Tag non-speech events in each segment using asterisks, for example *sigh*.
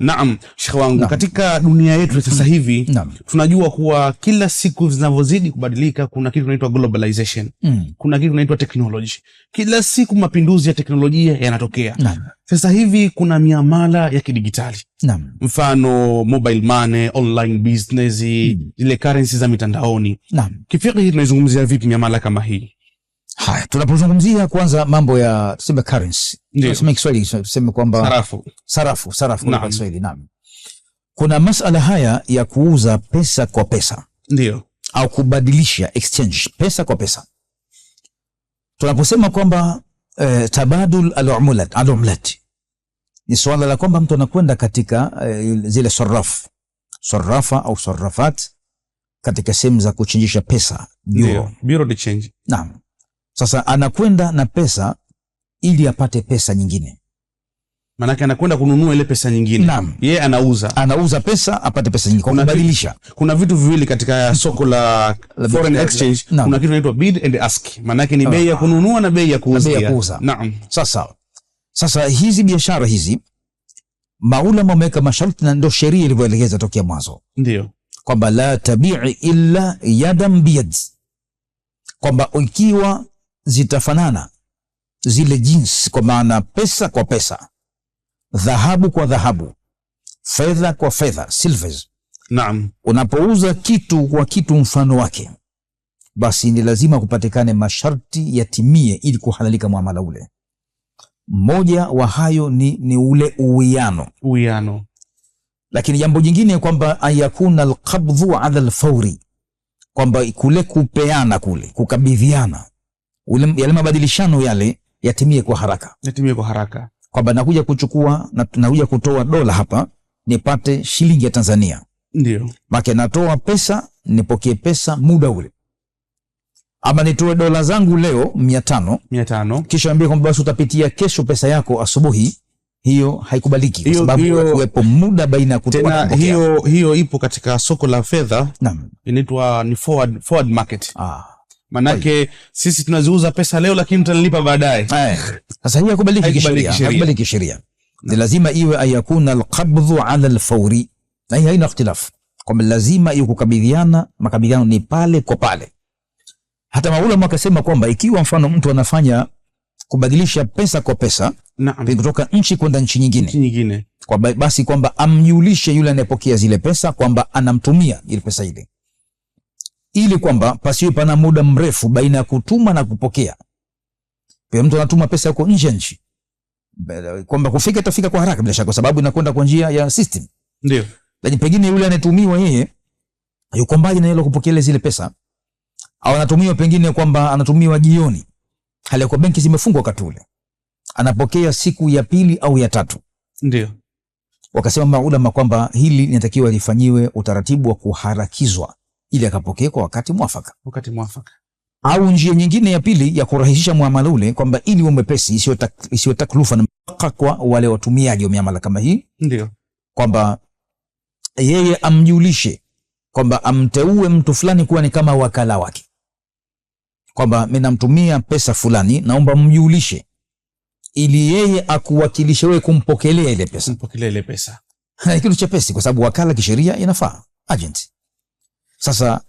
Naam, shekhe wangu, katika dunia yetu sasa mm. hivi Naam. tunajua kuwa kila siku zinavyozidi kubadilika, kuna kitu kinaitwa globalization mm. kuna kitu kinaitwa technology. Kila siku mapinduzi ya teknolojia yanatokea. Sasa hivi kuna miamala ya kidigitali Naam. mfano mobile money, online business, mm. zile mm. currency za mitandaoni. Naam. Kifikhi tunaizungumzia vipi miamala kama hii? Haya, tunapozungumzia kwanza mambo ya tuseme currency, tuseme Kiswahili tuseme kwamba sarafu, sarafu, sarafu kwa Kiswahili. Naam, kuna masala haya ya kuuza pesa kwa pesa, ndio au kubadilisha exchange, pesa kwa pesa. Tunaposema kwamba eh, tabadul al-umlat al-umlat ni swala la kwamba mtu anakwenda katika eh, zile sarraf sarrafa au sarrafat katika sehemu za kuchinjisha pesa, bureau bureau de change. Naam sasa anakwenda na pesa ili apate pesa nyingine, maanake anakwenda kununua ile pesa nyingine. Naam, yeye anauza, anauza pesa apate pesa nyingine kwa kubadilisha. Kuna vitu viwili katika soko la foreign exchange, kuna kitu inaitwa bid and ask, maanake ni ah. bei ya kununua na bei ya kuuza. Naam, sasa sasa hizi biashara hizi maulama wameweka masharti na ndo sheria ilivyoelekeza tokea mwanzo, ndio kwamba la tabii illa yadan biyad, kwamba ikiwa zitafanana zile jinsi, kwa maana pesa kwa pesa, dhahabu kwa dhahabu, fedha kwa fedha, silvers. Naam, unapouza kitu kwa kitu mfano wake, basi ni lazima kupatikane masharti yatimie ili kuhalalika muamala ule. Mmoja wa hayo ni, ni ule uwiano uwiano, lakini jambo jingine kwamba ayakuna alqabdhu ala alfauri, kwamba kule kupeana kule kukabidhiana yale mabadilishano yale yatimie kwa haraka, yatimie kwa haraka, kwamba nakuja kuchukua na nakuja kutoa dola hapa nipate shilingi ya Tanzania, ndio maana natoa pesa nipokee pesa muda ule, ama nitoe dola zangu leo mia tano mia tano kisha ambie kwamba basi utapitia kesho pesa yako asubuhi hiyo haikubaliki kwa sababu hiyo, kuwepo muda baina ya kutoa hiyo. Hiyo ipo katika soko la fedha, inaitwa ni forward, forward market ah manake sisi tunaziuza pesa leo, lakini mtanilipa baadaye. Sasa hii hakubaliki kisheria, ni lazima iwe ayakuna alqabdhu ala alfauri, na hii haina ikhtilaf kwamba lazima iwe kukabidhiana, makabidhiano ni pale kwa pale. Hata maulama wakasema kwamba ikiwa mfano mtu anafanya kubadilisha pesa kwa pesa kutoka nchi kwenda nchi nyingine, nchi nyingine. Kwa basi kwamba amjulishe yule anayepokea zile pesa kwamba anamtumia ile pesa ile ili kwamba pasiwe pana muda mrefu baina ya kutuma na kupokea. Pia mtu anatuma pesa huko nje nchi, kwamba kufika itafika kwa haraka bila shaka, kwa sababu inakwenda kwa njia ya system. Ndio, lakini pengine yule anayetumiwa yeye yuko mbali na yule kupokea zile pesa, au anatumiwa pengine kwamba anatumiwa jioni, hali ya kuwa benki zimefungwa wakati ule, anapokea siku ya pili au ya tatu. Ndio wakasema maulama kwamba hili linatakiwa lifanyiwe utaratibu wa kuharakizwa ili akapokee kwa wakati mwafaka, wakati mwafaka. Au njia nyingine ya pili ya kurahisisha muamala ule kwamba ili uwe mwepesi, isiyo isiyo taklufa na mpaka kwa wale watumiaji wa miamala kama hii, ndio kwamba yeye amjulishe kwamba amteue mtu fulani kuwa ni kama wakala wake, kwamba mimi namtumia pesa fulani, naomba mjulishe ili yeye akuwakilishe wewe kumpokelea ile pesa, kumpokelea ile pesa. *laughs* Kitu chepesi, kwa sababu wakala kisheria inafaa agent sasa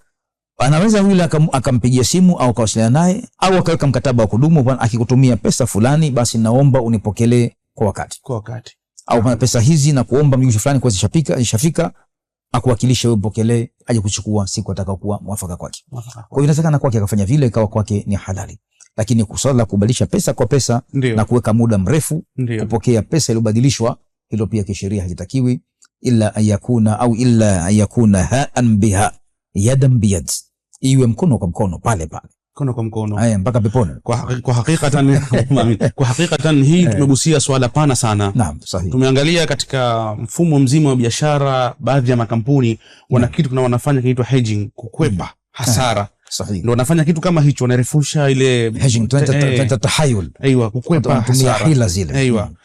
anaweza yule akampigia simu au akawasiliana naye au akaweka mkataba wa kudumu, akikutumia pesa fulani, basi naomba unipokelee kwa wakati, kwa wakati au pana pesa hizi na kuomba mjumbe fulani kwa zishafika, zishafika akuwakilisha wewe, mpokelee aje kuchukua siku atakayokuwa mwafaka kwake. Kwa hiyo inawezekana kwake akafanya vile, ikawa kwake ni halali, lakini swala la kubadilisha pesa kwa pesa ndiyo, na kuweka muda mrefu ndiyo, kupokea pesa iliyobadilishwa, hilo pia kisheria hakitakiwi, ila ayakuna au ila ayakuna haan biha yadan biyad, iwe mkono kwa mkono pale pale mkono kwa mkono aya mpaka peponi. Kwa, kwa hakikatan *laughs* kwa hakikatan hii eh. tumegusia swala pana sana. Naam, sahihi. Tumeangalia katika mfumo mzima wa biashara, baadhi ya makampuni wana kitu kuna wanafanya kinaitwa hedging, kukwepa mm. hasara. Eh, sahihi. Ndio wanafanya kitu kama hicho, wanarefusha ile hedging, tunaita eh, tahayul. aiywa, kukwepa hasara. Hila zile. Aiwa. Mm.